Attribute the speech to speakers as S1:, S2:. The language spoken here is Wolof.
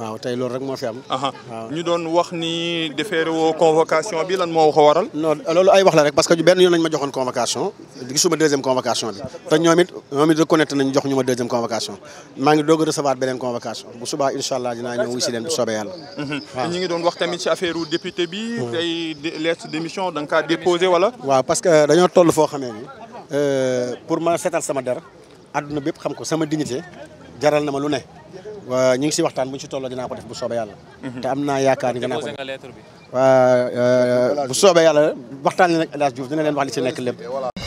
S1: waaw tey loolu rek moo fi am. waaw ñu doon wax ni defeere woo convocation bi lan moo ko waral. non loolu ay wax la rek parce que benn yoon lañ ma joxoon convocation gisuma deuxième convocation bi te ñoom it ñoom it reconnaître nañ jox ñu ma deuxième convocation maa ngi doog a recevoir beneen convocation bu subaa incha allah dinaa ñëw wuyu si leen bu soobee yàlla.
S2: Mhm. ñu ngi doon wax tamit ci affaire député bi. Mhm. tey lettre de démission da nga kaa déposé wala.
S1: waaw parce que dañoo toll foo xamee ni euh, pour ma seetal sama dara adduna bépp xam ko sama dignité jaral na ma lu ne. ñu ngi si waxtaan bu ñu si tolloo dinaa ko def bu soobee yàlla. Mhm. te am naa yaakaar ni dinaa ko def euh, bu soobee yàlla waxtaan nañ ak El Hadj Diouf dina leen wax li si nekk lépp.